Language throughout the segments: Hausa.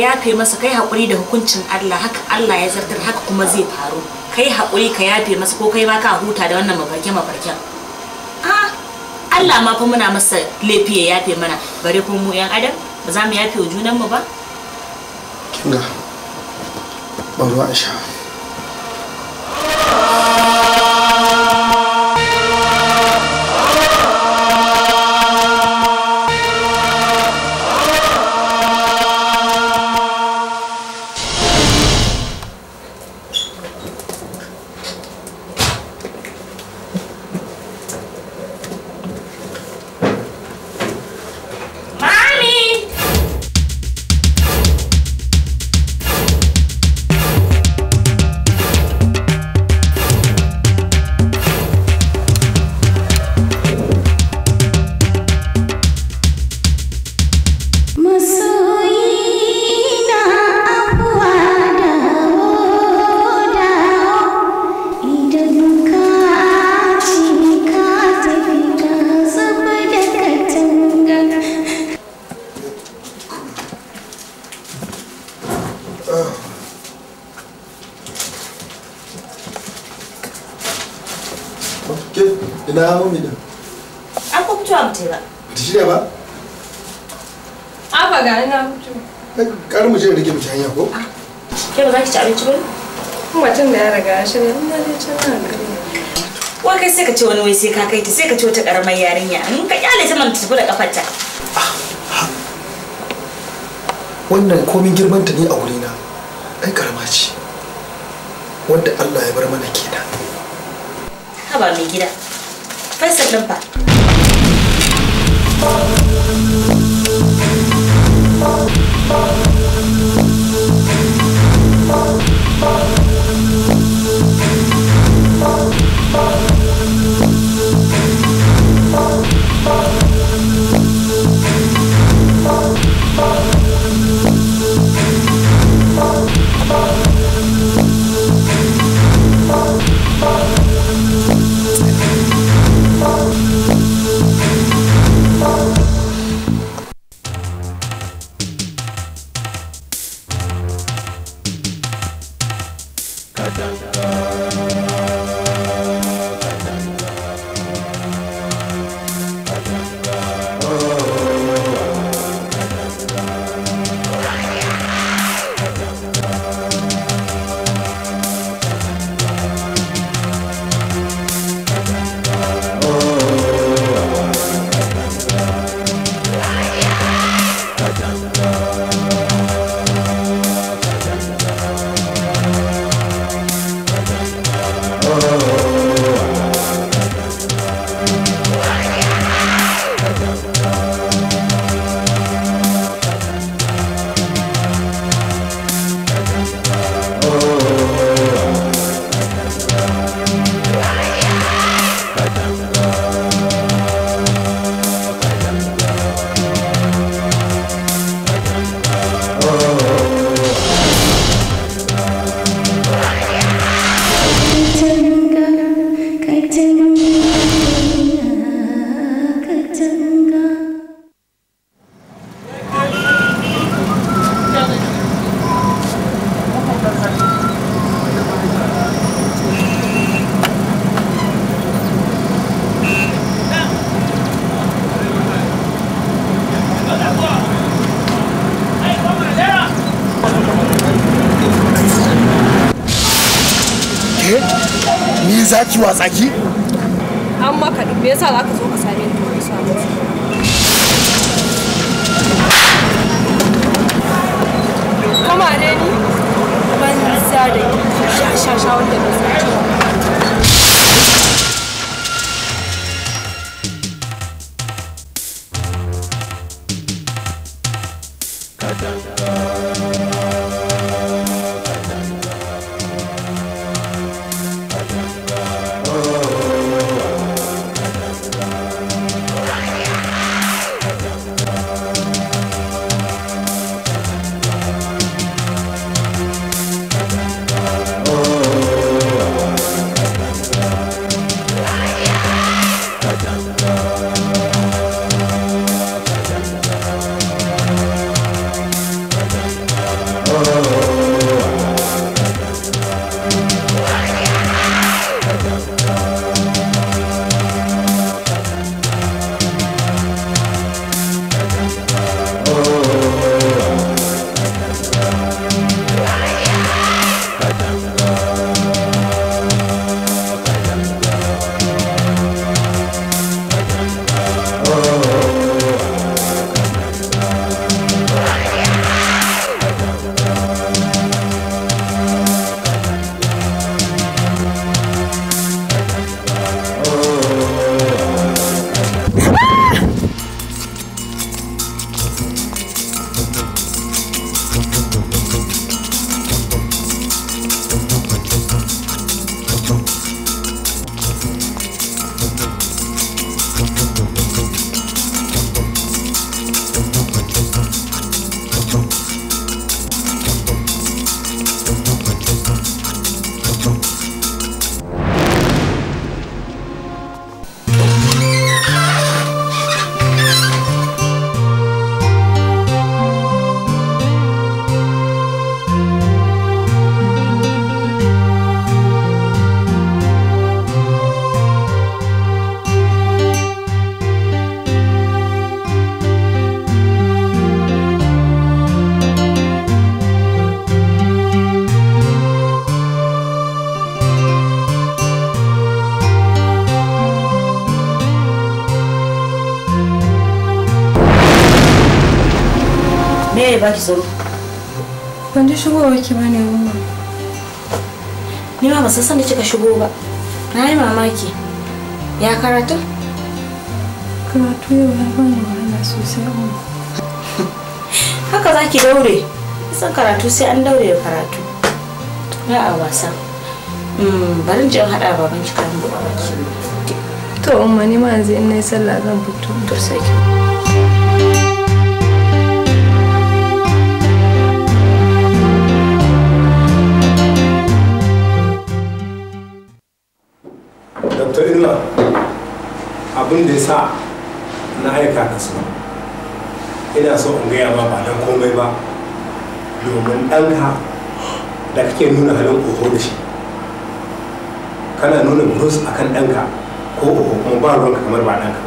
yafe masa kai haƙuri da hukuncin Allah haka Allah ya zartar haka kuma zai faru kai haƙuri ka yafe masa ko kai ma ka huta da wannan mafarkin mafarken a Allah ma fa muna masa laifi ya yafe mana bare ko mu yan adam ba za mu yafe wa junanmu ba kinga ba ruwa sha ke ina mami da an kucu fito abu ba ta shirya ba a ba ga ina fito kar mu je da ke mutane ko ah, ke ba za ki ci abinci ba mutum da ya riga ya shirya ina dai can na gari wai kai sai ka ci wani wai sai ka kai ta sai ka ci wata karamar yarinya in ka kyale ta man tafi da kafarta wannan komin girmanta ne a wurina ai karama ce wanda Allah ya bar mana kenan haba mai gida fansar nan fa Oh ciwa tsaki an maka me yasa za ka zo ki ne mun ni ma ba san da kika shigo ba na yi mamaki ya karatu karatu yau ya bani wahala sosai haka za ki daure san karatu sai an daure da karatu ya a wasa hmm, barin jin haɗa baban ki kan ba. to umma ni ma yanzu in na yi sallah zan fito to sai ki so in gaya ba ba dan komai ba domin ɗanka da kake nuna halin oho da shi kana nuna burus a kan ɗanka ko oho kuma ba ruwanka kamar ba ɗanka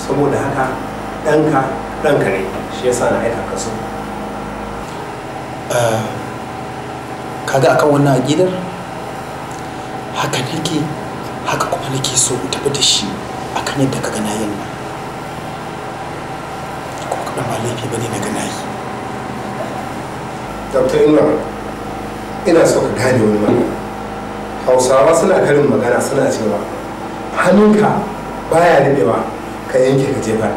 saboda haka ɗanka ɗanka ne shi yasa na aika ka so ah, kaga akan wannan aƙidar haka nake haka kuma nake so tafi da shi akan yadda ka gana yin nan ba laifi ba daga nayi dr ina so ka gane wani magana hausawa suna karin magana suna cewa hannunka baya riɓewa ka yanke ka jefa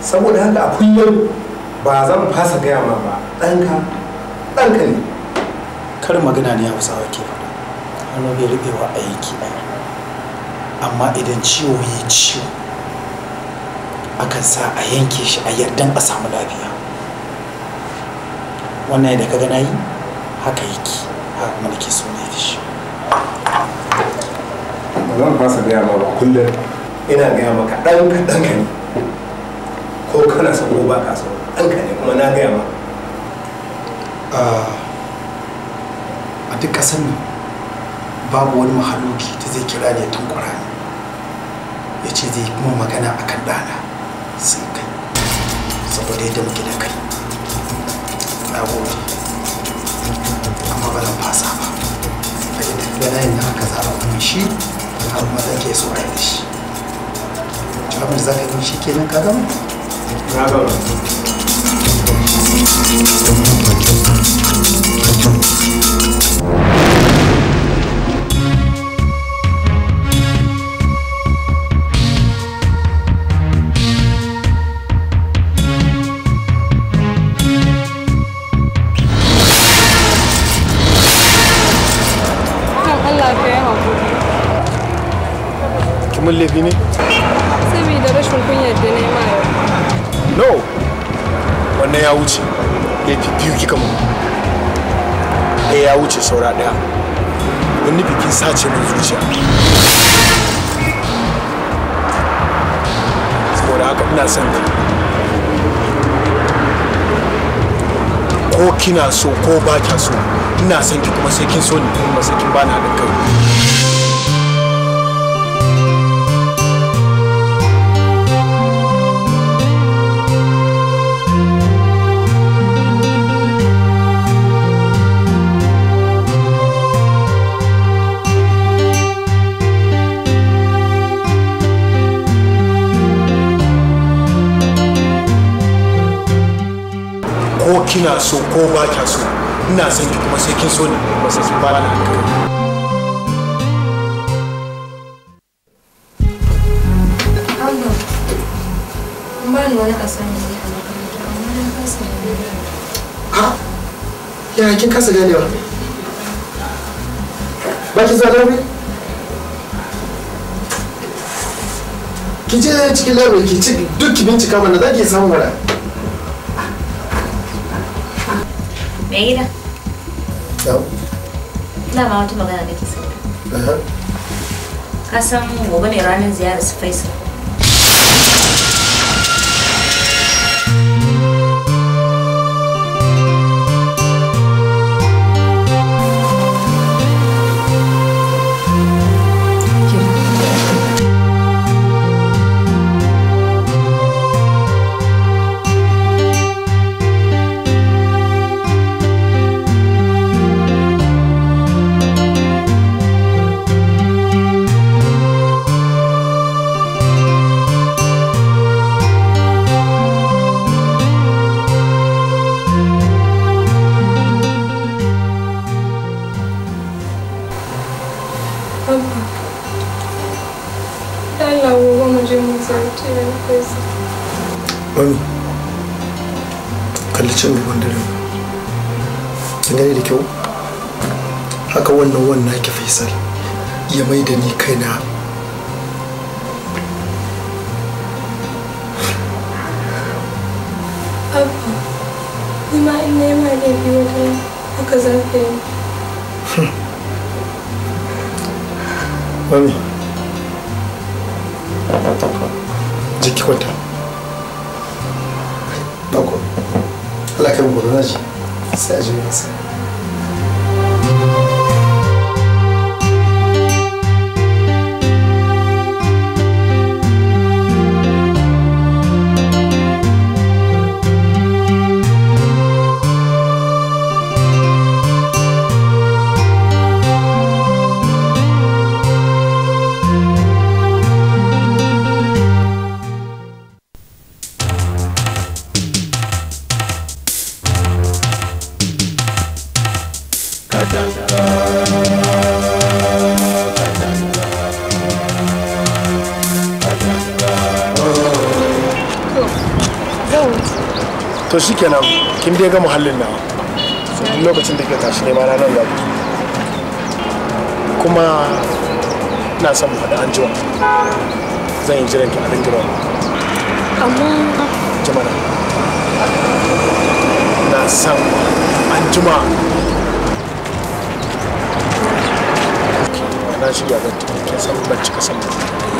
saboda haka a kullum ba zan fasa gaya ma ba ɗanka ɗanka ne karin magana ne hausawa ke faɗa hannu bai riɓewa aiki amma idan ciwo ya ciwo akan sa a yanke shi a yardan a samu lafiya wannan da kaga nayi haka yake haka mana nake so ne shi ba zan fasa gaya ma ba kullum ina gaya maka ɗan kaɗan ka ne ko kana sa ko ba ka so ɗan ka ne kuma na gaya ma a duk ƙasar nan babu wani mahaloki da zai kira ne tun ƙwararri ya ce zai kuma magana a kan ɗana sai kai saboda yadda muke da kai na gode amma ba zan fasa ba a yi tafiya na yin haka zaɓa kuma shi har ma ke so a yi da shi abin za ka yi shi kenan ka gama? na gama Thank you. ki mun laifi ne? Saboda rashin kunyar da na ma yau. No, wannan ya wuce. Laifi biyu kika mu. Ɗaya ya wuce saura ɗaya. Wani bikin sace min zuciya. Saboda haka ina son ka. Ko kina so ko ba kya so ina son ki kuma sai kin so ni kuma sai kin bani haɗin kai. kina so ko ba kya so ina son ki kuma sai kin so ne ba sai kin bani Ha? Ya kin kasa Ba ki zuwa lauri? Ki je cikin lauri ki ci duk ki bincika mana za ki samu wara. na gida? Dama wata magana nake so. Ka gobe ne ranar ziyarar su Faisal. wannan wannan ki faisal ya mai da ni kaina shikenan kin dai ga muhallin nawa lokacin da ke tashi ne ma na nan gaba kuma na san faɗi an jiwa zan yi jiran ki a nan gidan amma jimana na san an jima na shirya ga tafi kin bacci kasan cika ba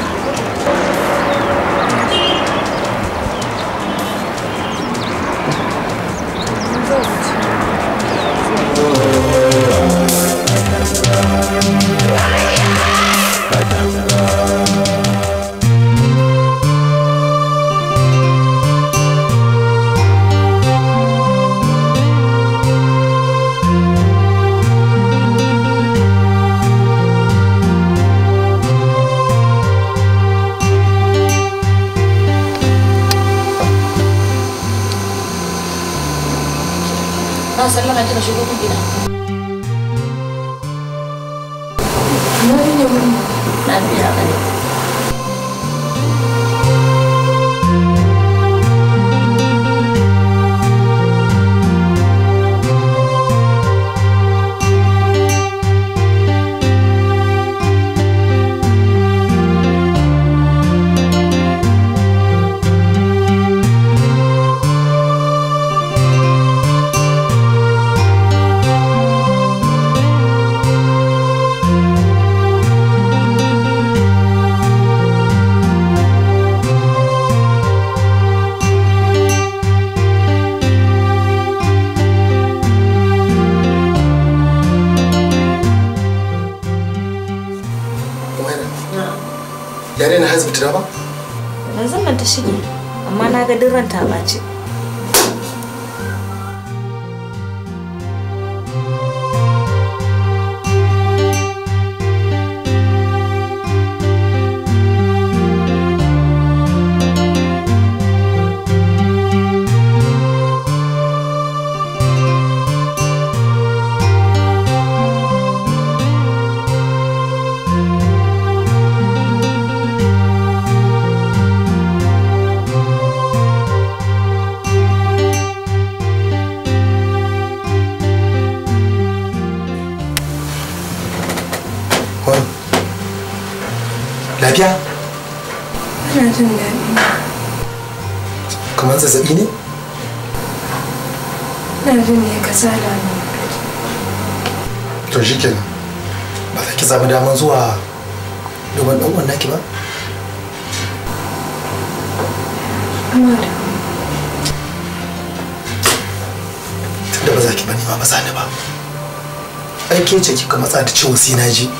To ne kenan ba za ki samu daman zuwa domin ɗan uwan naki ba tunda ba za ki bani ma ba za ni ba ai ke ce kika matsa da ciwo sai na ji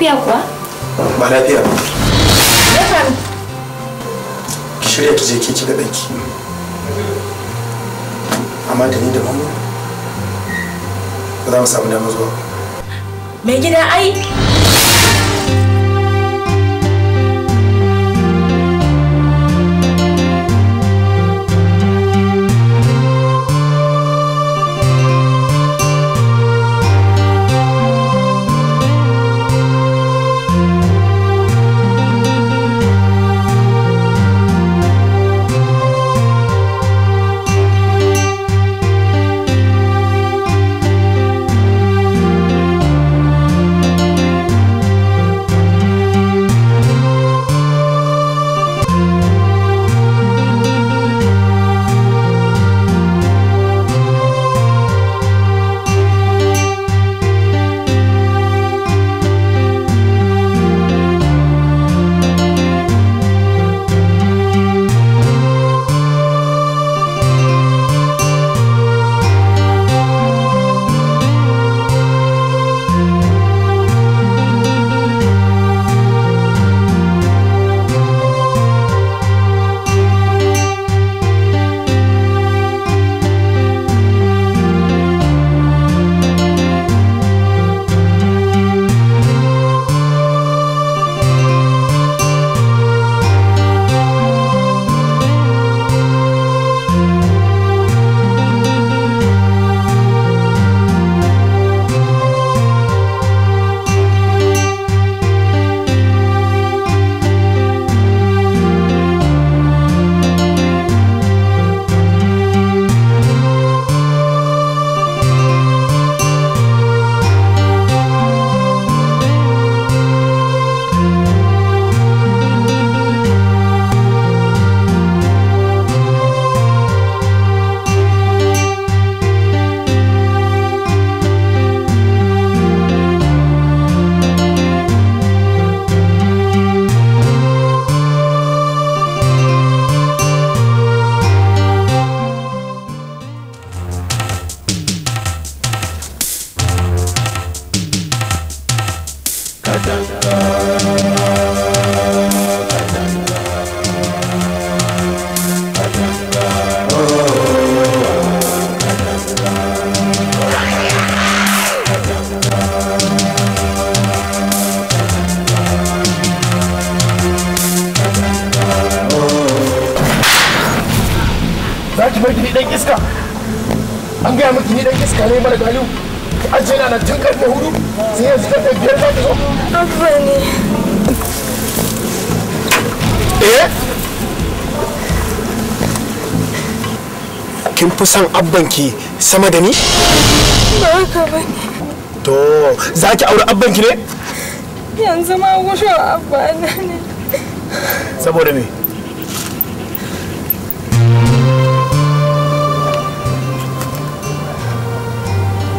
Lafiya kuwa? Ba lafiya ba. Ya faru? Ki shirya ki je ki ci ki. Amma da ni da mamu ba za mu samu damar zuwa. Mai gida ai. son abbanki sama da ni? Ba haka ba To, za ki aure abbanki ne? Yanzu ma gusho abba na ne. Saboda me?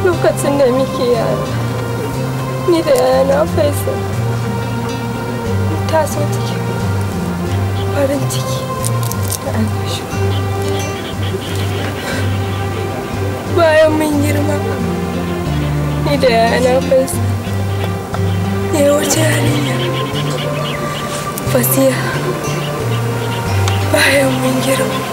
Lokacin da muke yara, ni da yana faisa. ta so ciki, farin ciki. bayan mun girma ni da yana fasa ya wuce hariya fasiya bayan mun girma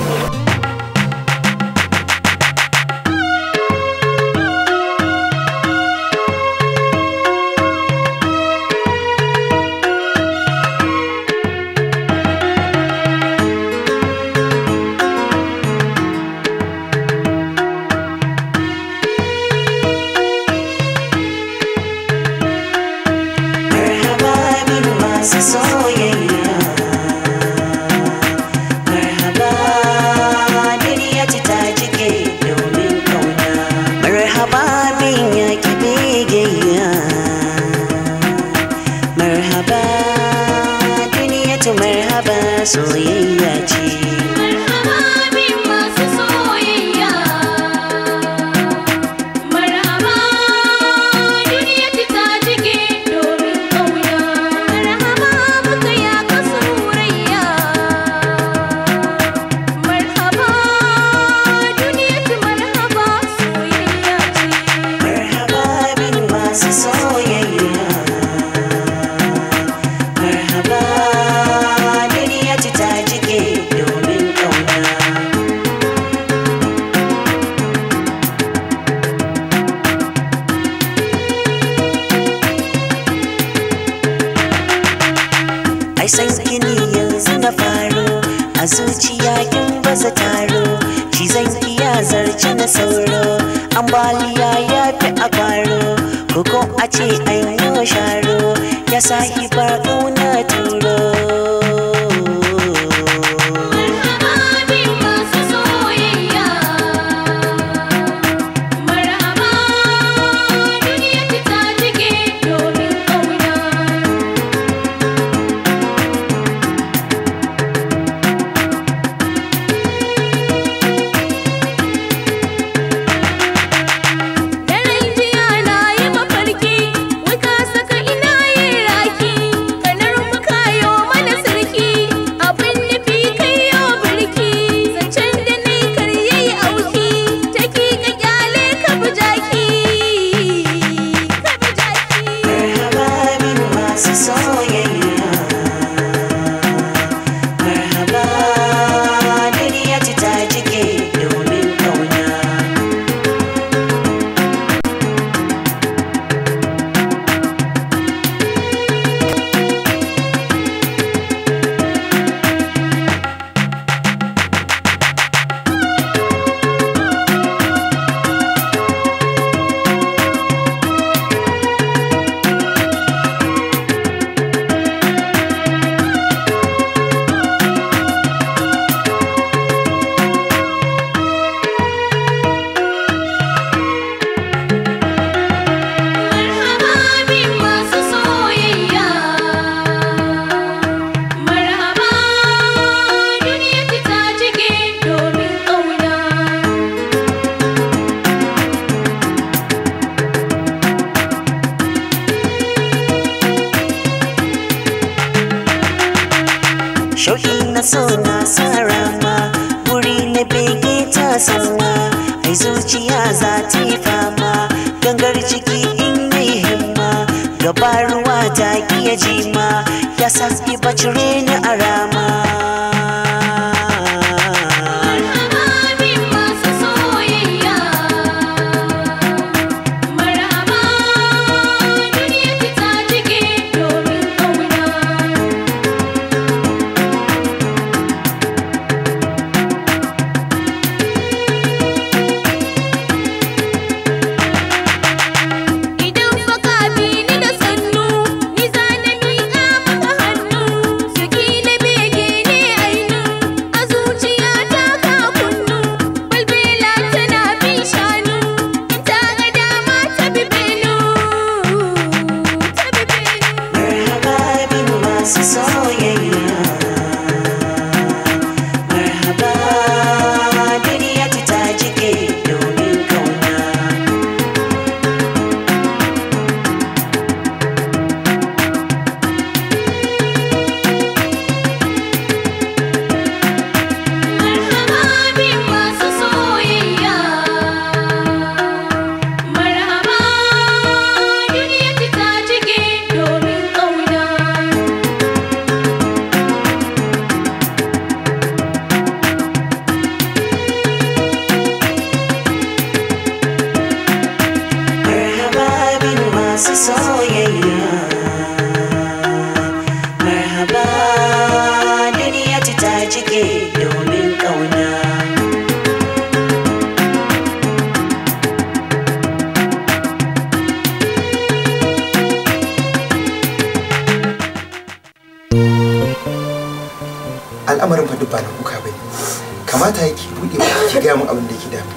kamata yake ki buɗe ba ki gaya min abin da ke damu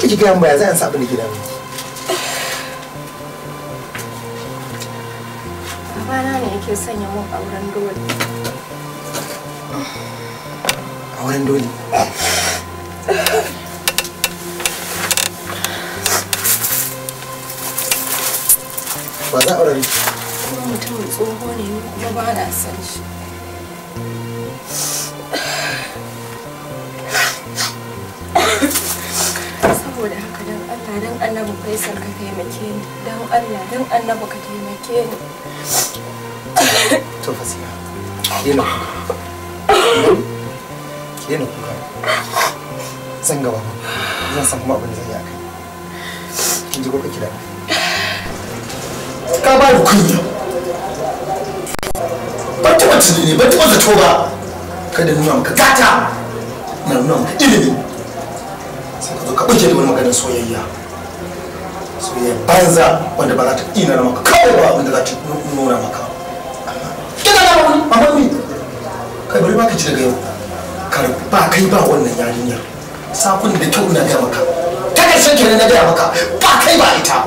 ki ki gaya min baya za a sa abin da ke damu ki babana ne yake sanya mun auren dole auren dole ba za auren mutum tsoho ne kuma ba na san shi don annabi faisal ka taimake ni don allah don annabi ka taimake ni to fasiya dena Kina. dena kuka zan gaba zan san kuma abin da zan yi a kai kin ji ko kake da ka ba ku kunya ba ta wata ne ba ta wata to ba kada nuna maka gata na nuna maka ilimi sai ka zo ka ɓace da wani maganar soyayya soyayya banza wanda ba za ta ina na maka kawai ba abinda za ta nuna maka kina na wani amma mi kai bari ba ka ci daga yau ba kai ba wannan yarinyar sakun da kyau na gaya maka ta kai ƙarshen kenan na gaya maka ba kai ba ita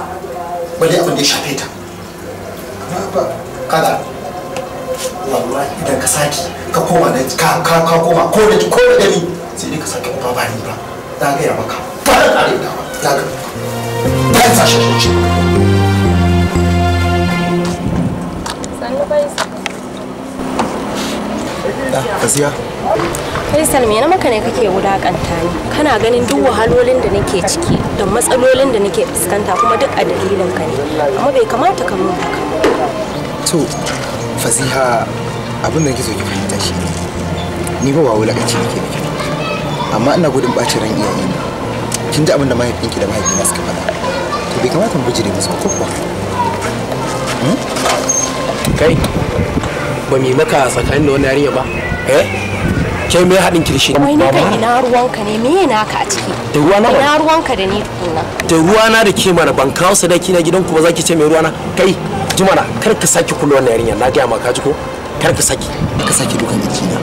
bale abin da ya shafe ta kada wallahi idan ka saki ka koma da ka ka koma ko da ko da gani sai dai ka saki ba ba ni ba na gaya maka ba da ƙare ba na gaya kasashen Faisal me na maka ne kake wulakanta ni? Kana ganin duk wahalolin da nake ciki da matsalolin da nake fuskanta kuma duk a dalilin ka ne. Amma bai kamata ka mun haka. To, Fasiha abin da nake so ki fahimta shi ne. Ni ba wawo lakaci nake nake. Amma ina gudun bacin ran iyaye ne. Kin ji abin da mahaifinki da mahaifina suka faɗa. to bai kamata mu bijire musu ko kuwa hmm? kai ba mai maka tsakanin da wani yarinya ba eh Kai me haɗin kirshi wai ni kai ina ruwanka ne me naka a ciki da ruwana ba ina ruwanka da ni tukuna da ruwana da ke mana ban kawo sadaki na ku ba zaki ce me ruwana kai jimana kar ka saki kula wannan yarinya na gaya maka ji ko kar ka saki ka saki dukan jiki na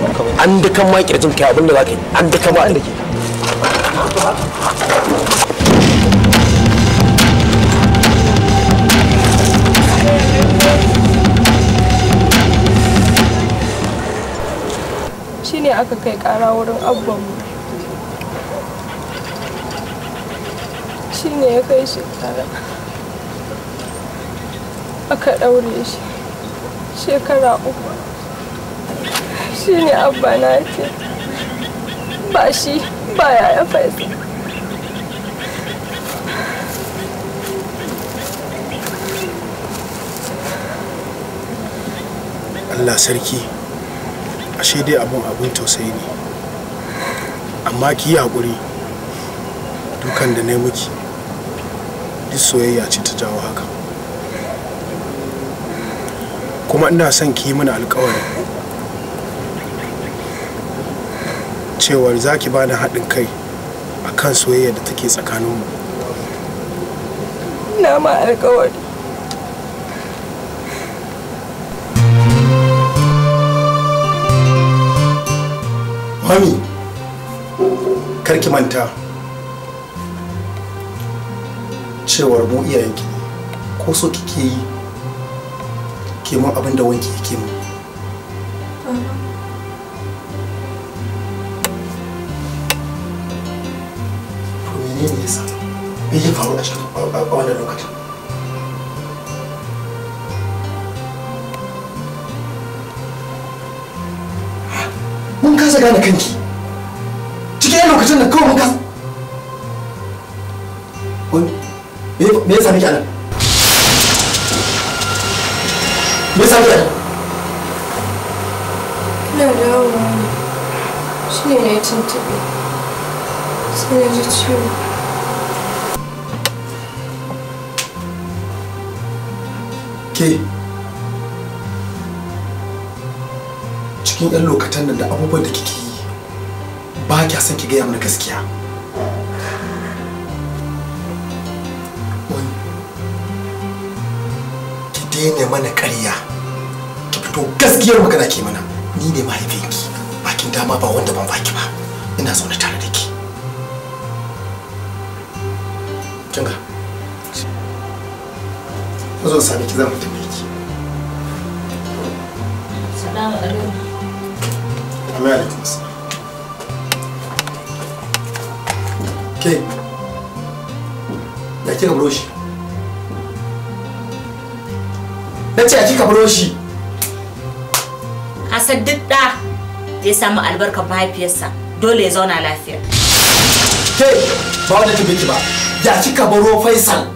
an dukan ma kirjin kai abinda zaka yi an dukan ma an dake shine aka kai kara wurin abbanmu shine ya kai shi kara aka daure shi shekara uku shine abba na ce ba shi ba yaya faisa Allah sarki ashe dai abin abun tausayi ne amma ki yi haƙuri dukan da na miki duk soyayya ce ta jawo haka kuma ina son ki yi mana alƙawari cewar za ki bani haɗin kai a kan soyayya da take tsakaninmu na ma alƙawari mami karki manta cewar mu iyayenki ne ko so kike yi ke mun abin da wanki yake mun to menene yasa me ya faru a cikin wannan lokacin kanki cikin yan lokacin da kawai muka me ya sami ki anan me ya sami ki anan ina dawowa ne shi ne na yi tuntuɓe sai na ji ciwo ke cikin 'yan lokacin da abubuwan da kike yi ba kya son ki gaya mana gaskiya ki daina mana ƙarya ki fito gaskiyar magana ke mana ni ne mahaifinki bakin dama ba wanda ban baki ba ina zaune tare da ki kinga zo sami ki zamu tafi ki salamu alaikum ke ya kika buro shi na ce ya kika buro shi hasan duk da ya samu albarkar mahaifiyarsa dole ya zauna lafiya ke ba wanda ta biki ba ya kika buro faisal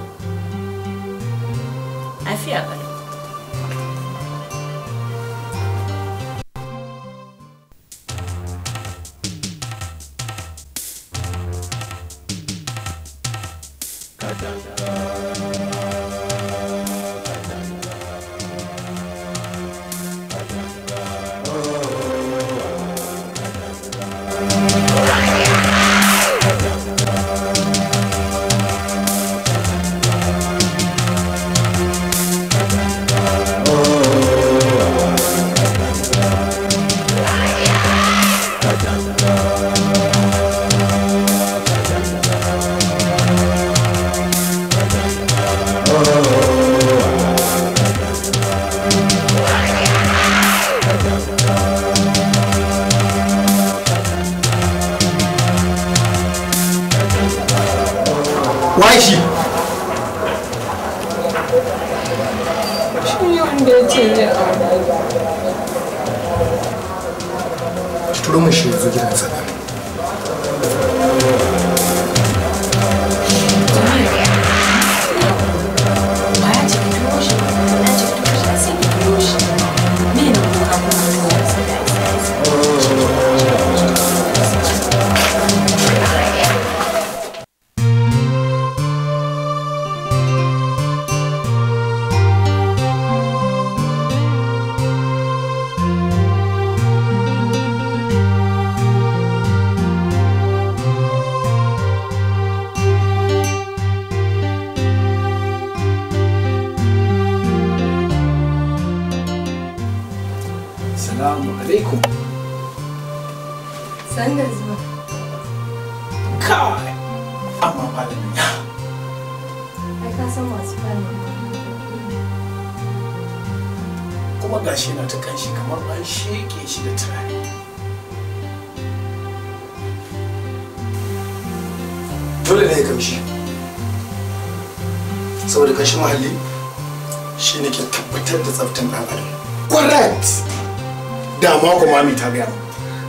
a mako mami ta gaya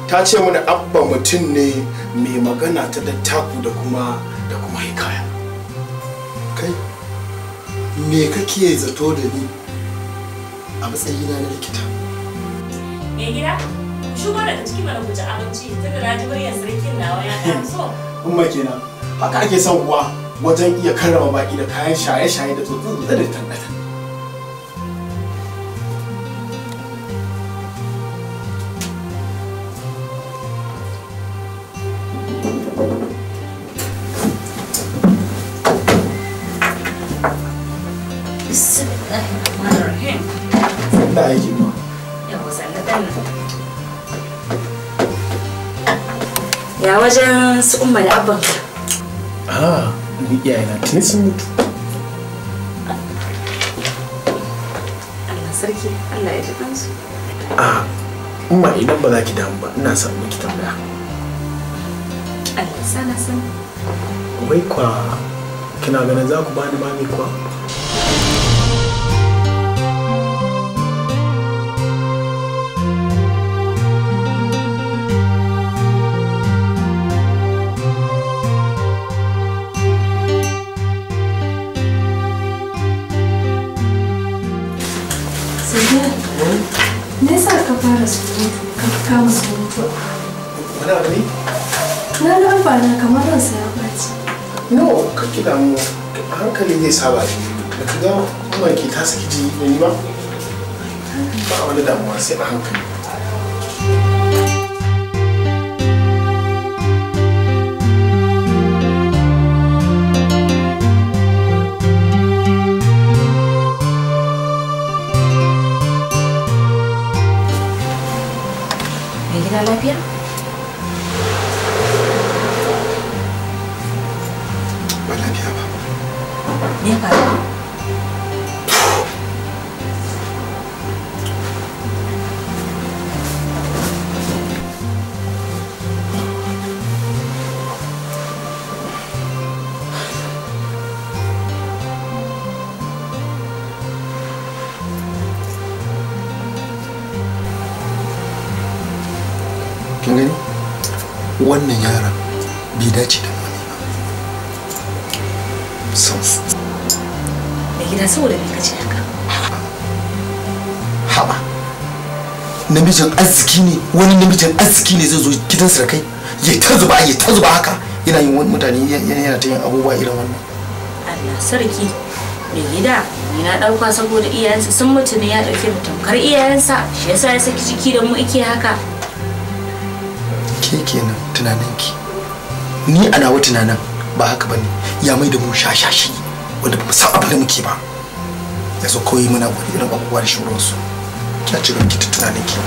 ta ce mana abba mutum ne mai magana ta dattaku da kuma da kuma hikaya kai me kake zato da ni a matsayina na likita me gida shugo daga cikin mana guji abinci ta da raji bariyar sarkin nawa ya ta so umma kenan haka ake son uwa wajen iya karrama baki da kayan shaye-shaye da tsotsi da tanɗatan umma da abbanka ah ya iyayena tuni sun mutu Allah sarki Allah ya ji kansu ah umma idan ba za ki damu ba ina son miki tambaya Allah sana san wai kwa kina ganin za ku bani mami kwa ki damu a hankali zai saba da ka ga kuma ki ta saki ji da ni ba ba wani damuwa sai a hankali Mai gida lafiya? me ya faru wannan yaron bai dace da na saboda me kace haka haba namijin arziki ne wani namijin arziki ne zai zo gidan sarkai ya ta zuba ya ta zuba haka yana yin wani mutane yana ta yin abubuwa irin wannan Allah sarki mai gida ni na dauka saboda iyayensa sun mutu ne ya dauke da tamkar iyayensa shi yasa ya saki jiki da mu ike haka ke kenan tunaninki ni a nawa tunanin ba haka bane ya mai da mu shashashi wanda ba mu san abin da muke ba yanzu su koyi muna irin abubuwa da shuransu kya ci gaba tunanin ki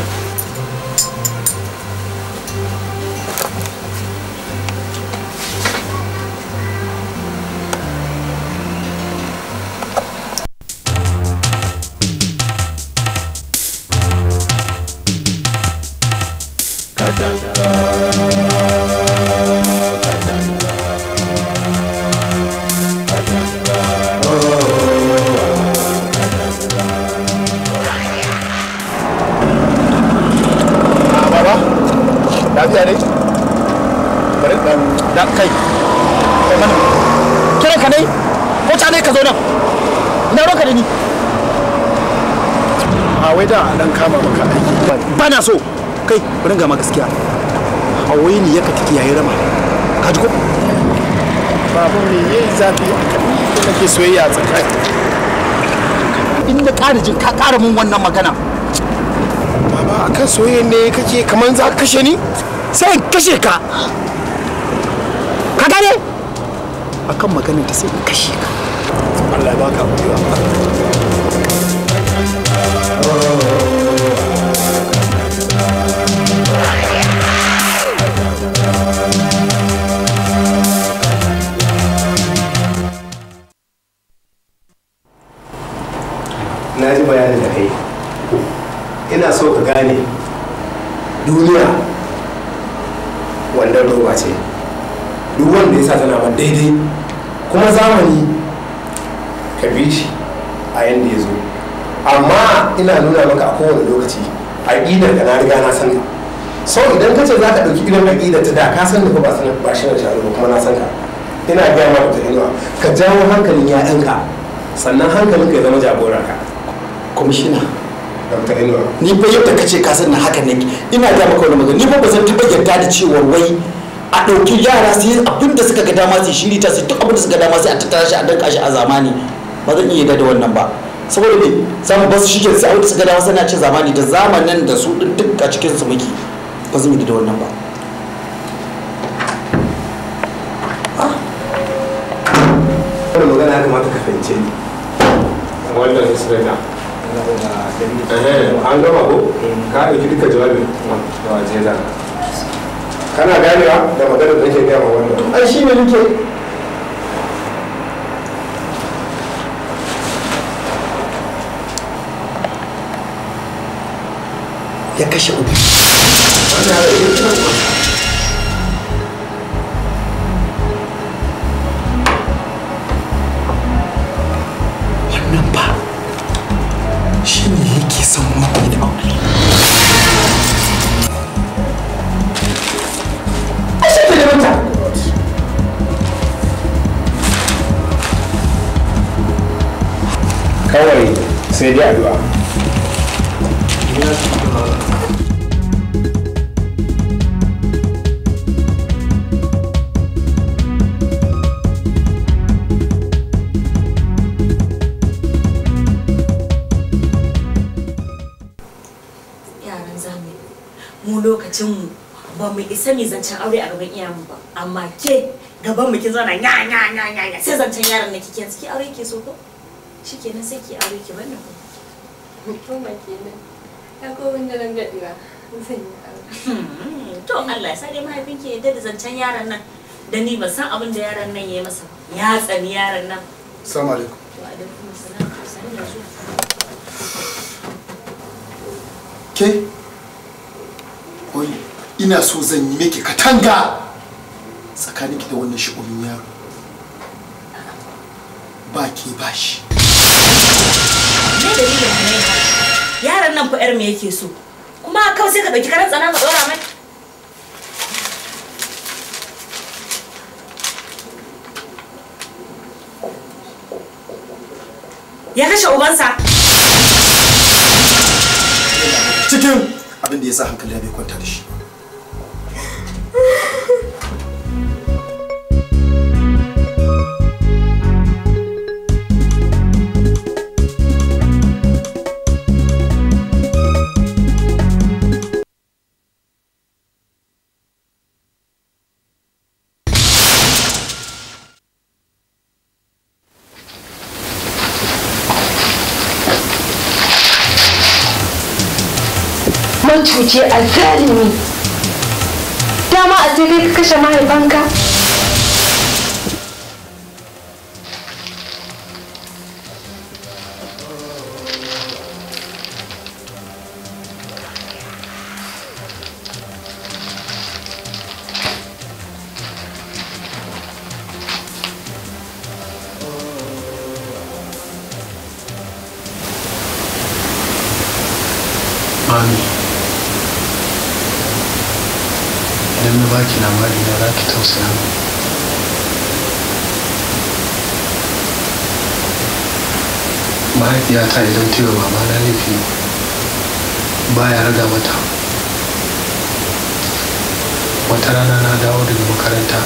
babu me yayi zafi a kan da kake soyayya a tsakani inda da ƙara jin ka ƙara mun wannan magana baba a kan soyayya ne kake kaman za ka kashe ni sai kashe ka ka gane kan maganar ta sai kashe ka Allah ya baka abuwa daidai kuma zamani ka bi shi a yadda ya zo amma ina nuna maka a kowane lokaci a aƙidar ka na riga na sani sau idan ka ce za ka ɗauki irin aƙidar ta da ka san da ba sanar ba shi na shahararru kuma na san ka ina gaya ma ta inuwa ka jawo hankalin ya'yanka sannan hankalin ka ya zama jagora ka kwamishina ni ba yadda ka ce ka san na haka ne ina gaya maka wani magana ni ba ba zan taɓa yarda da cewar wai a ɗauki yara su yi abin da suka ga dama su shiri ta su duk abin da suka dama sai a tattara shi a danka shi a zamani ba zan iya da wannan ba saboda me samu ba su shige su abin da suka dama suna ce zamani da zamanin da su duk a cikin su muke ba zan iya da wannan ba magana ya kamata ka fahimce ni wannan eh, an gama ko eh. ka aiki duka jawabin wajen zaka kana ganewa da maganar da nake gaba ma wannan ai shi ne nake ya kashe ubi sai dai addu'a mu lokacinmu ba mu isa mai zancen aure a gaban iyamu ba amma ke gaban mu kin zauna nya nya nya nya sai zancen yaran da kike ciki aure ke so ko shikenan sai ki aure ki wannan Hmm. Toma kenan. Ya da zancen yaron nan. Da ni ban san abin da nan ya yi masa. Ya tsani nan. Assalamu Ke? Oi, ina so zan yi miki katanga tsakaninki da wannan shugaban yaro. Ba ke ba shi. dalilin ku ne yaran nan fa yar me yake so kuma kawai sai ka dauki karan tsana ka dora mai ya kashe ubansa cikin abin da ya sa hankali ya bai kwanta da shi kasance a zalimi dama a sai kai ka kashe mahaifanka ta idan ta yi mama na laifi baya raga mata wata rana na dawo daga makaranta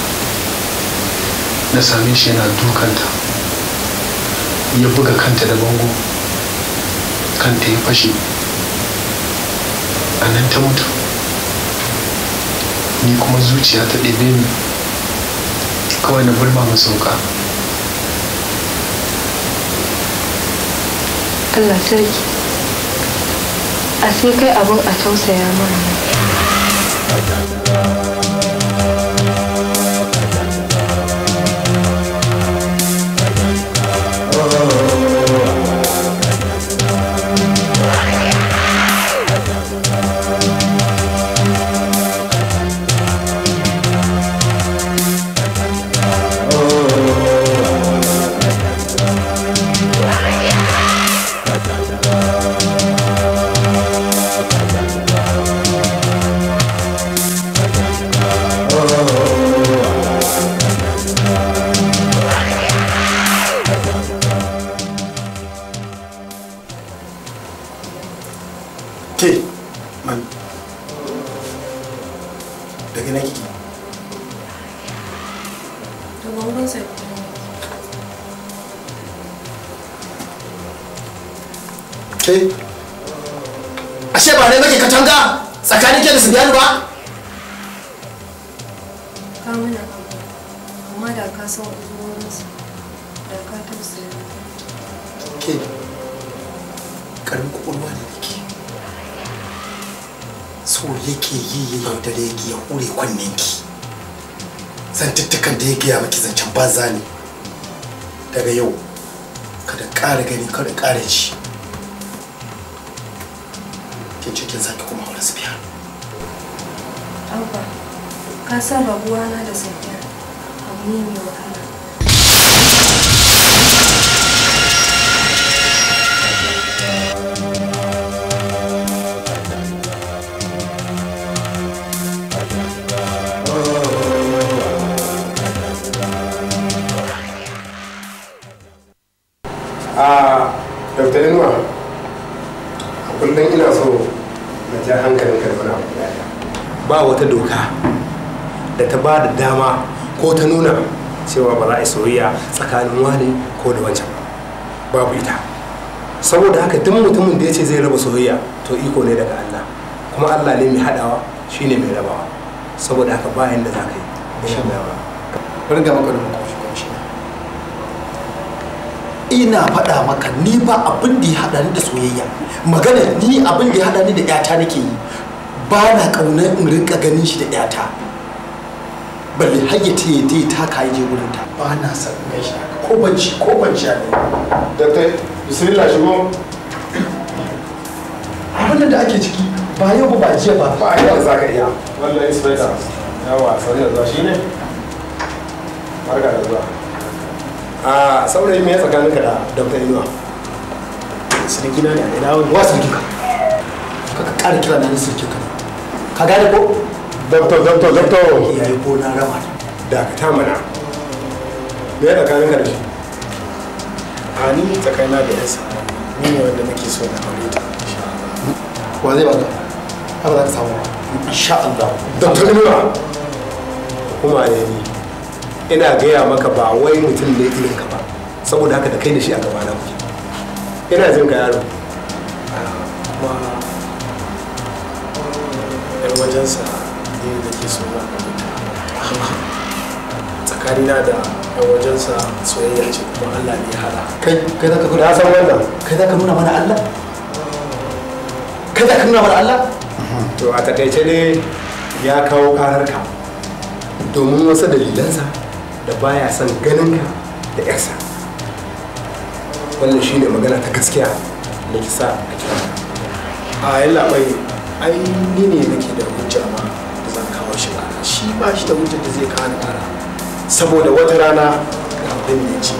na same shi yana dukanta ya buga kanta da bango kanta ya fashe a nan ta mutu ni kuma zuciya ta ɗebe ni kawai na bulma masauka Allah sarki a sai kai abin a tausaya mana ba wata doka da ta ba da dama ko ta nuna cewa ba za a yi soyayya tsakanin wani ko da wancan babu ita saboda haka duk mutumin da ya ce zai raba soyayya to iko ne daga allah kuma allah ne mai hadawa shine mai rabawa saboda haka bayan da za ka yi bari ga makarin ina faɗa maka ni ba abin da ya haɗa ni da soyayya magana ni abin da ya haɗa ni da ƴata nake yi ba na ƙaunar in rinka ganin shi da ƴata balle har ya ta yi ta kayi je gurin ta ba na san me shi ko ban ci ko ban ci ne dakta bismillah shigo abin da ake ciki ba yau ba ba jiya ba ba yau za ka iya wallahi da yawa sai da zuwa shine barka da zuwa a saurayi tsakanin ka da dr inuwa sirki na ne a ina wani wasu duka ka kara kira na sirki ka ka gane ko doktor doktor doktor iyaye ko na rama da ka ta mana me ya ka da shi a ni na da yasa. ni ne wanda nake so na aure ta wa zai baka haka za ka samu insha Allah doktor inuwa kuma ne ni ina gaya maka ba wai mutum ne irin ka ba saboda haka da kai da shi a gaba na kuke ina jin ka yaro kuma eh, yar wajensa ne da ke so na tsakanina da yar wajensa soyayya ce kuma Allah ne hada kai kai za ka kuna san wannan kai za ka nuna mana Allah kai za ka nuna mana Allah mm-hmm. to a takaice ne ya kawo ka domin wasu dalilansa da baya son ganin ka da yarsa wannan shine magana ta gaskiya da ki sa a kira a yalla bai ai ni ne nake da hujja ma da zan kawo shi rana shi ba shi da hujja da zai kawo rana saboda wata rana ga abin da ci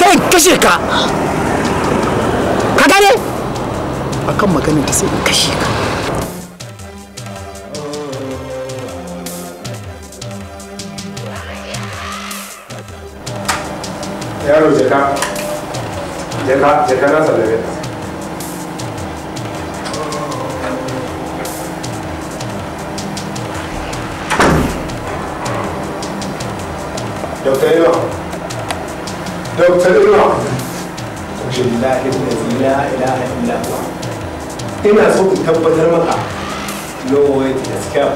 sai kashe ka ka gane akan maganar ta sai kashe ka yaro jaka jaka jaka na salabe doctor Elon doctor Elon ina so in tabbatar maka no way to escape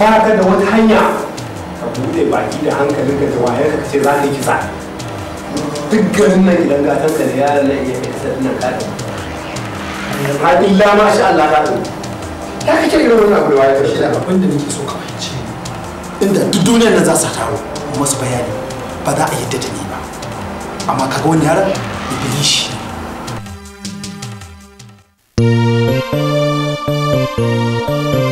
ba ka da wata hanya ka bude baki da hankalinka da wayar ka ce za ka yi kisa duk garin nan idan gatan ka da yaran nan iya kai sai nan kaɗin ha illa ma sha Allah ka ɗin ya kake irin wannan abu da waye kashi da abin da nake so ka fahimce inda duk duniyar nan za su taro masu bayani ba za a yadda da ni ba amma kaga wani yaran ibilishi Thank you.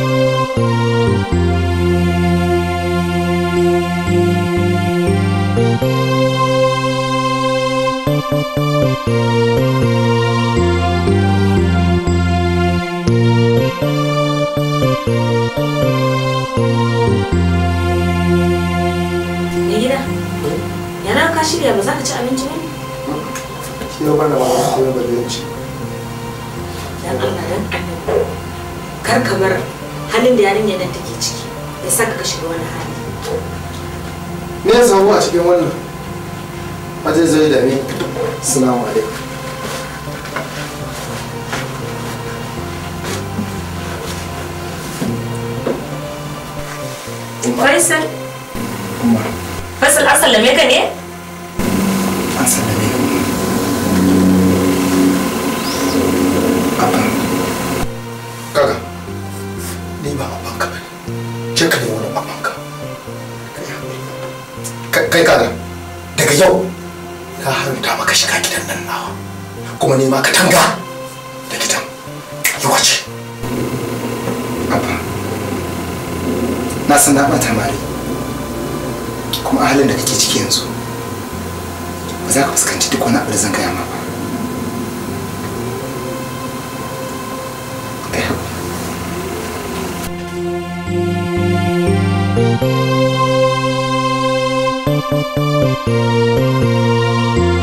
shirya ba za ka ci abinci ne? Shi yau ba da ba su ba zai ci. Dan Allah dan Kar ka bar halin da yarinya nan take ciki ya saka ka shiga wani hali. Me ya samu a cikin wannan? Ba zai zai da ni. Assalamu alaikum. Faisal. Faisal an sallame ka ne? kuma nema katanga da gidan yi wace abba na san na bata mare kuma a halin da kake ciki yanzu ba za ka fuskanci duk wani abu da zan gaya ma ba Thank you.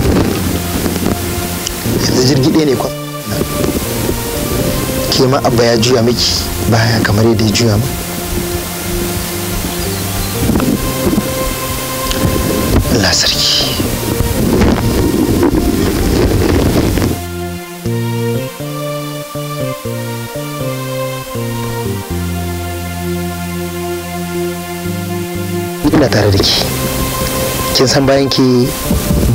jirgi ɗaya ne kwan ke ma abba ya juya miki baya kamar yadda ya juya ma Allah sarki ina tare da ki kin san bayan ki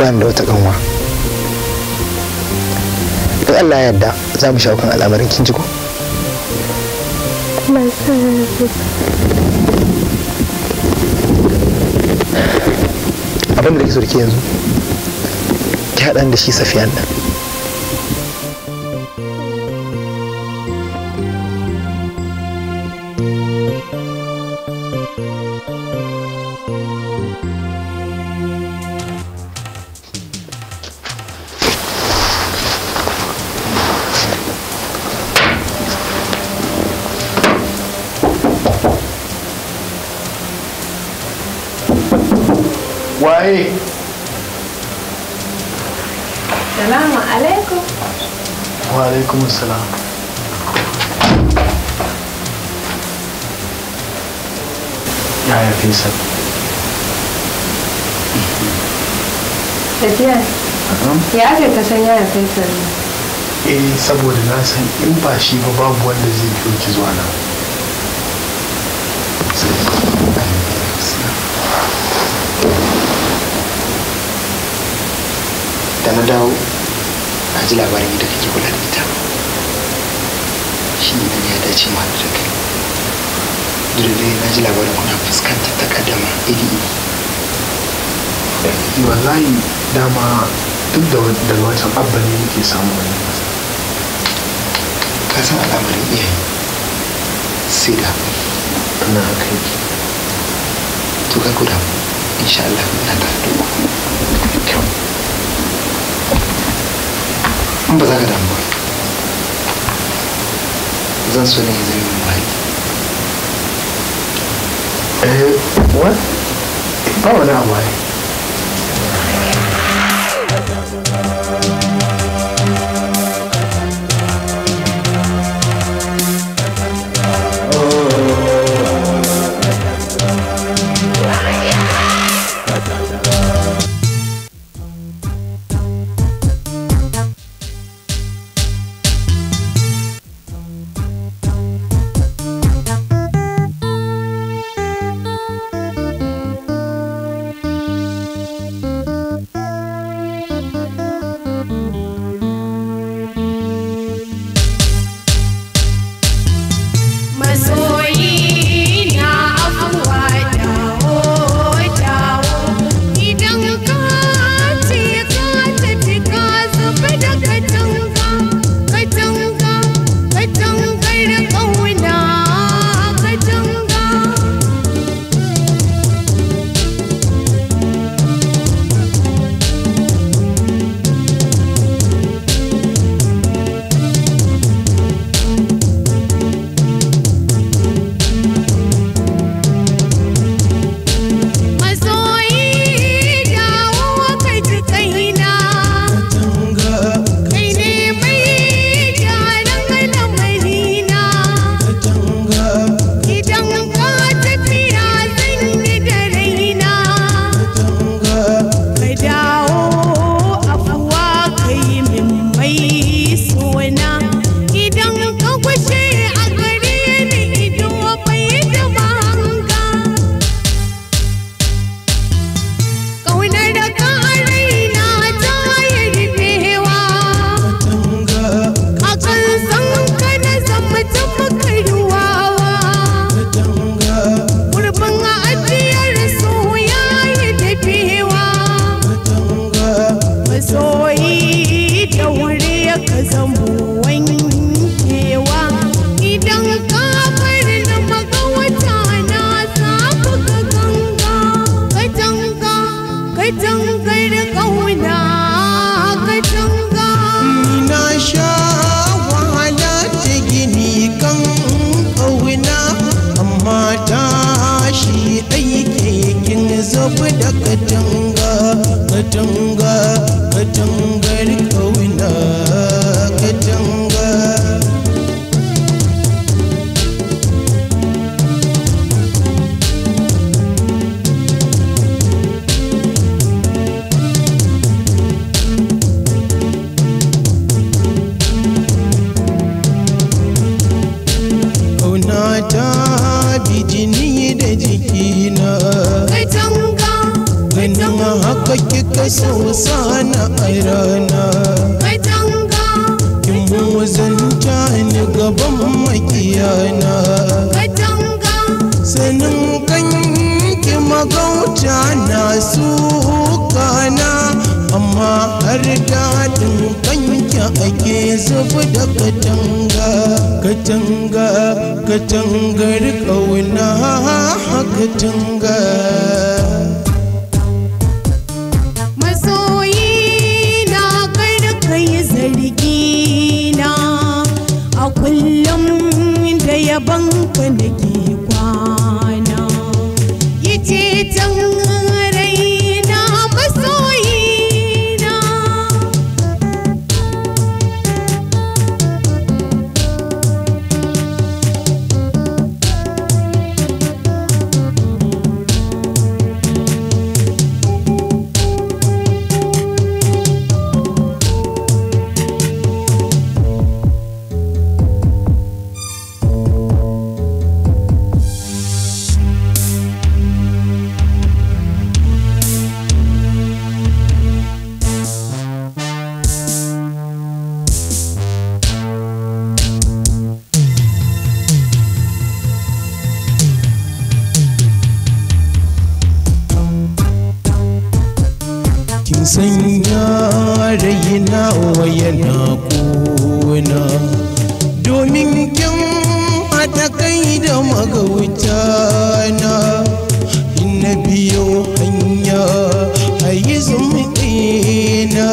ban da wata kanwa in Allah ya yarda za mu shawo kan al'amarin kin jiko abin da kike so da ke yanzu ki haɗa da shi safiyan nan ya ce ta san yaya kai sani eh saboda na san in ba shi ba babu wanda zai fi ki zuwa nan da na dawo a ji labarin da kake kula da ita shi ne ya dace ma da kai dole na ji labarin kuna fuskantar takaddama iri-iri ba za yi dama duk da daga wancan abba ne ke samu wani ka san al'amarin iyaye sai da ana kai to kai ku insha Allah ina tare da kyau in ba za ka damu ba zan so ne ya zama mai eh what ba wani abu ne Thank you. sanya raina wa yana kuna domin kyan matakai da magauta na na biyo hanya a yi zumɗina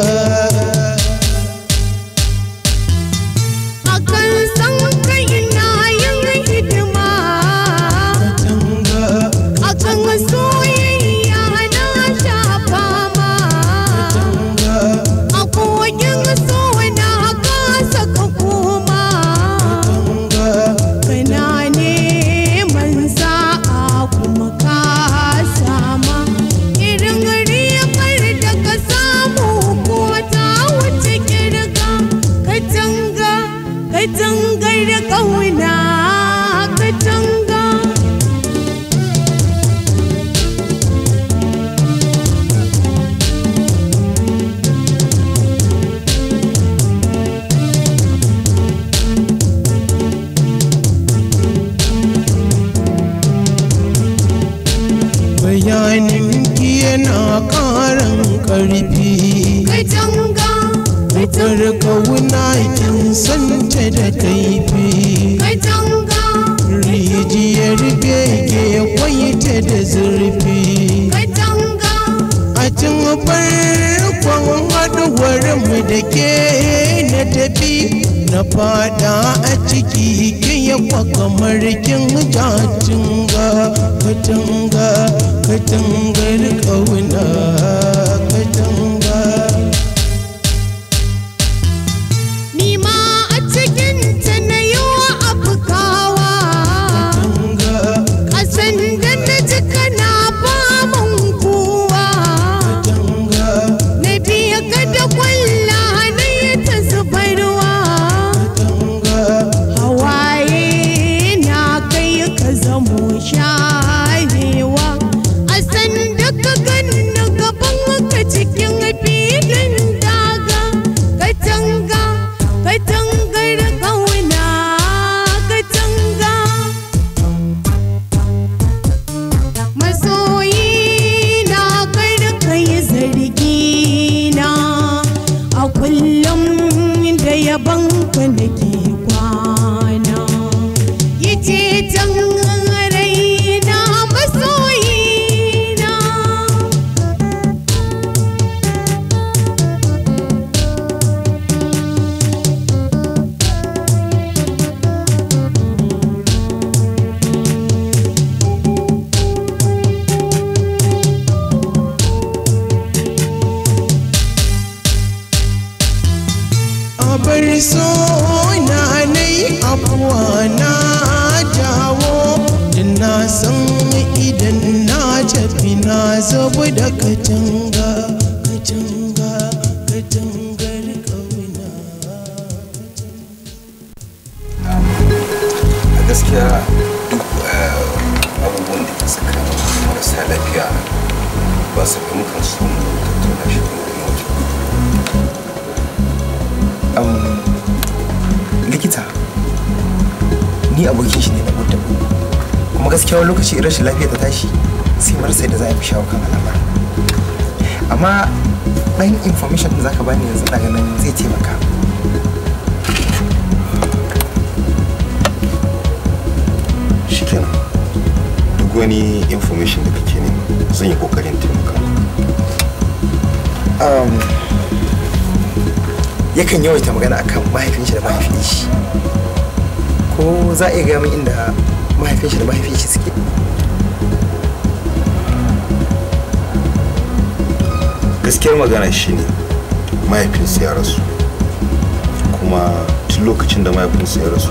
mahaifinsu ya kuma tun lokacin da mahaifinsu ya rasu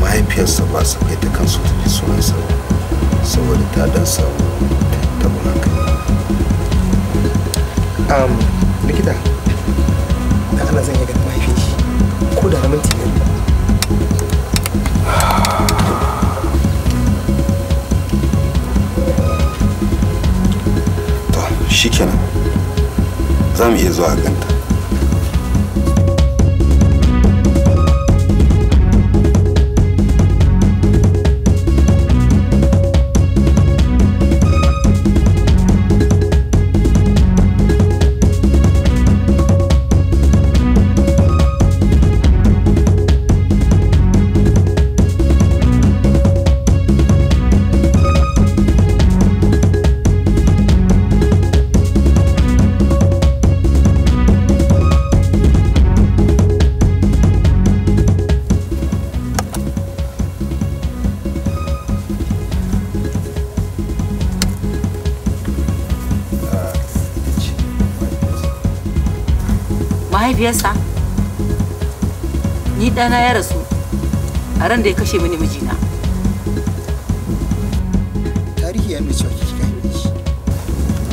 mahaifiyarsa ba su kai ta kansu ta ji sunansa saboda ta dan samu tabin hankali um, likita da ana zan iya ganin mahaifin shi ko da na minti biyu to shikenan za mu iya zuwa ganta biyarsa ni ɗana ya rasu a ran da ya kashe mini mijina tarihi ya mace wake kika haife shi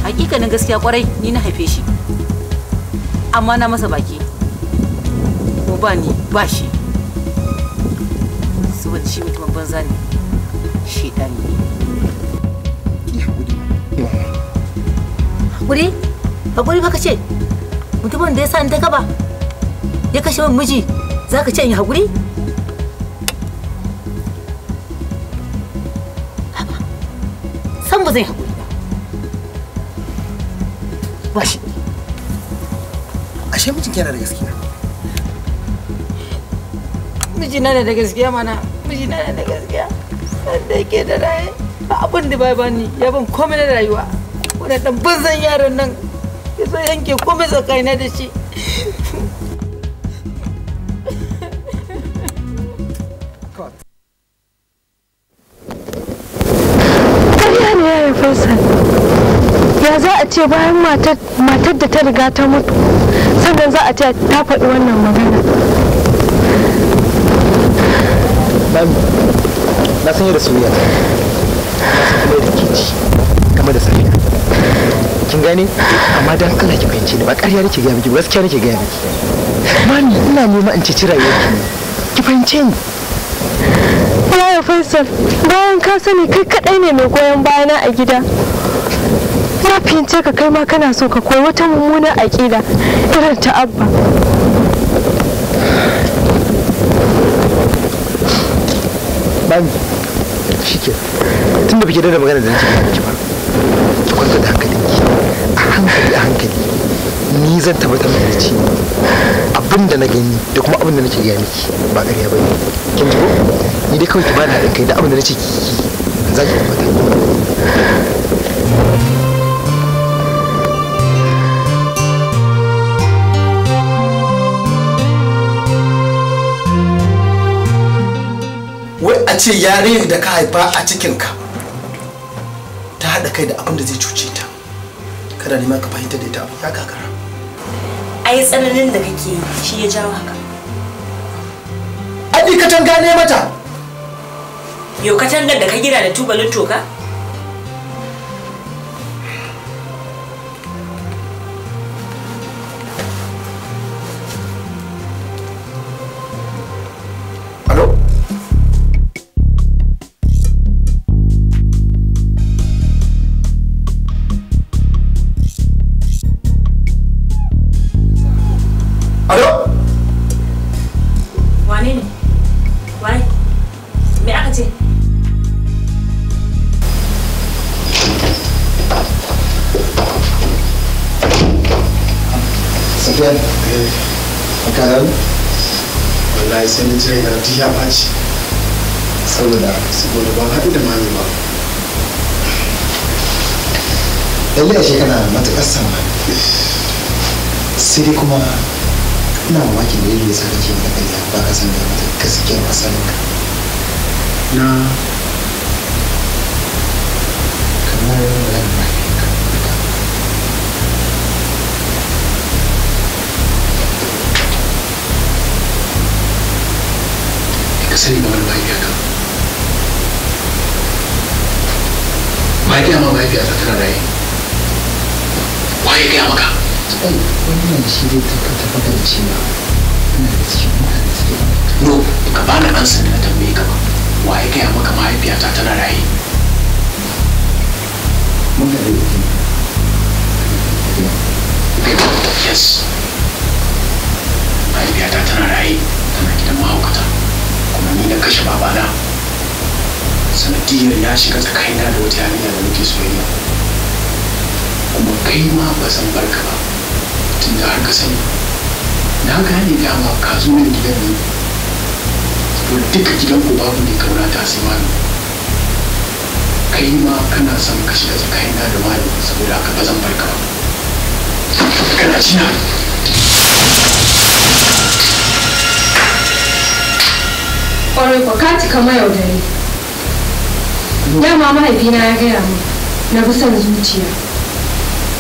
hakikanin gaskiya kwarai ni na haife shi amma na masa baki ko ba ni ba shi saboda shi mutum banza ne shi ɗan ne hakuri hakuri baka ka ce mutumin da ya sa ni ta gaba ya kashe min miji za ka ce in yi haƙuri? san ba zai haƙuri ba ba shi ashe mijinki yana da gaskiya miji na da gaskiya mana miji na da gaskiya sanda yake da raye ba abin da bai bani ya ban komai na rayuwa wani dan banzan yaron nan so yanke komai tsakanina da shi ya za a ce bayan matar da ta riga ta mutu sannan za a ce ta faɗi wannan magana na yi da soyayya na san kuma da kici game da safiya gane amma dan Allah ki fahimce ni ba ƙarya nake gaya miki gaskiya nake gaya miki mami ina neman in cici rayuwarki ne ki fahimce ni Yaya Faisal bayan ka sani kai kadai ne mai goyon bayana a gida na fahimce ka kai ma kana so ka koyi wata mummunar aƙida irin ta abba bani shi ke tun da bike da magana da nake ba ki kwanta da hankali a hankali ni zan tabbatar da ci abin da na gani da kuma abin da nake gaya miki ba ƙarya ba ne kin ji ko ni dai kawai ki bani haɗin kai da abin da nace ki za ki tabbata ce yare da ka haifa a cikinka ta haɗa kai da abin da zai cuce kana ma ka fahimtar da ita abu ya gagara ai tsananin da kake yi shi ya jawo haka abi ka tanga ne mata yo ka tangar da ka gina da tubalin toka lalle ashe kana matuƙar son ba sai dai kuma ina mamakin da yadda ya sa kake mana ƙarya ba ka san da mata gaskiyar ka na kamar magana ba ka sani game da mahaifiyata mahaifiyar ma mahaifiyata da yi waye gaya maka wannan shi zai ta bakan cewa ina da cikin mutane suke no ka bani ansa da na tambaye ka ba waye gaya maka mahaifiyata tana raye mun ga yes mahaifiyata tana raye tana gidan mahaukata kuma ni na kashe babana sanadiyar ya shiga tsakanina da wata yarinya da muke soyayya kuma kai ma ba san barka ba tun da har ka sani na gane dama ka zo nan gidan ne to duka gidan ku babu ne kauna ta sai malam kai ma kana son ka shiga na da malam saboda haka ba zan barka ba kana cina kwarai kwa ka cika mayaudari dama mahaifina ya gaya mu na bi son zuciya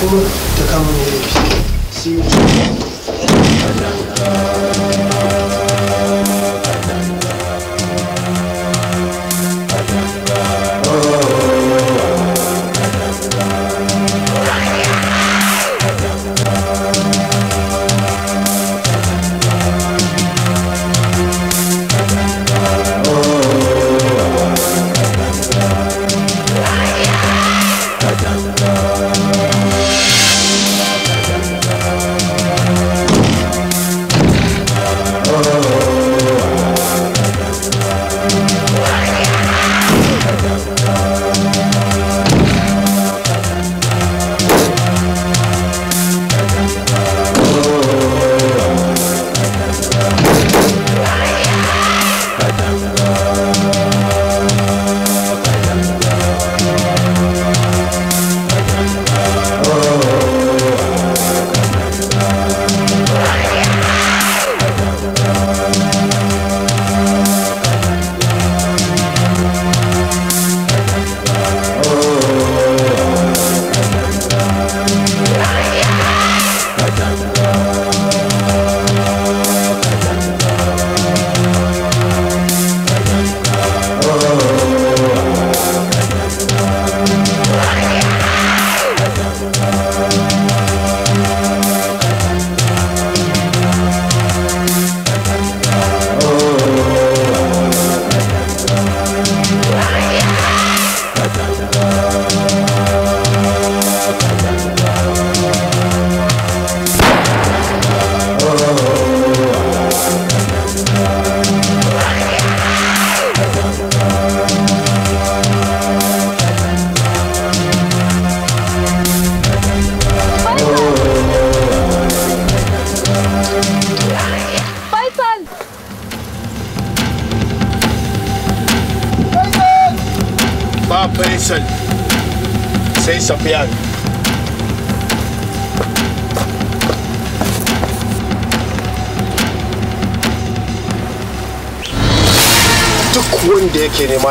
people to come and leave. See you.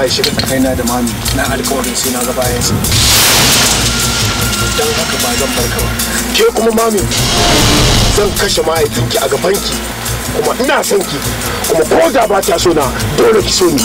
ya shiga tsakanina da mami na alkawarin sai na ga bayan don haka ba zan barka ba ke kuma mami zan kashe mahaifinki a gabanki kuma ina son ki kuma ko da ba ta so na dole ki so ni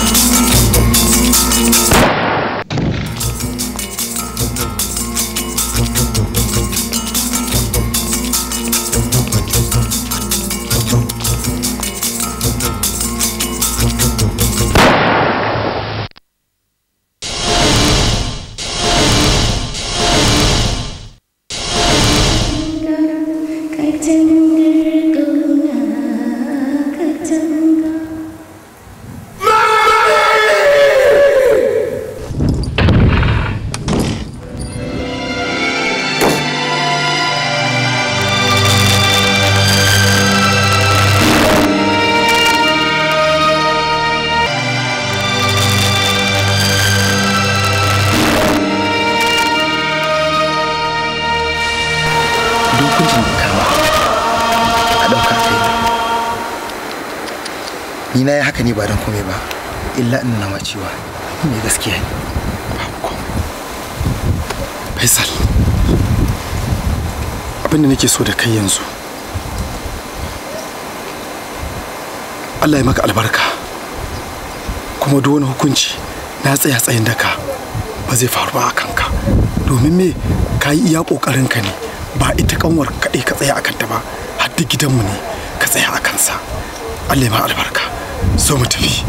haka ne ba don komai ba illa in na cewa me gaskiya ne faisal abinda nake so da kai yanzu allah ya maka albarka kuma duk wani hukunci na tsaya tsayin daka ba zai faru ba a kanka domin me ka yi iya ka ne ba ita kanwar kaɗai ka tsaya a kanta ba har da gidanmu ne ka tsaya a kansa allah ya ma albarka so mu tafi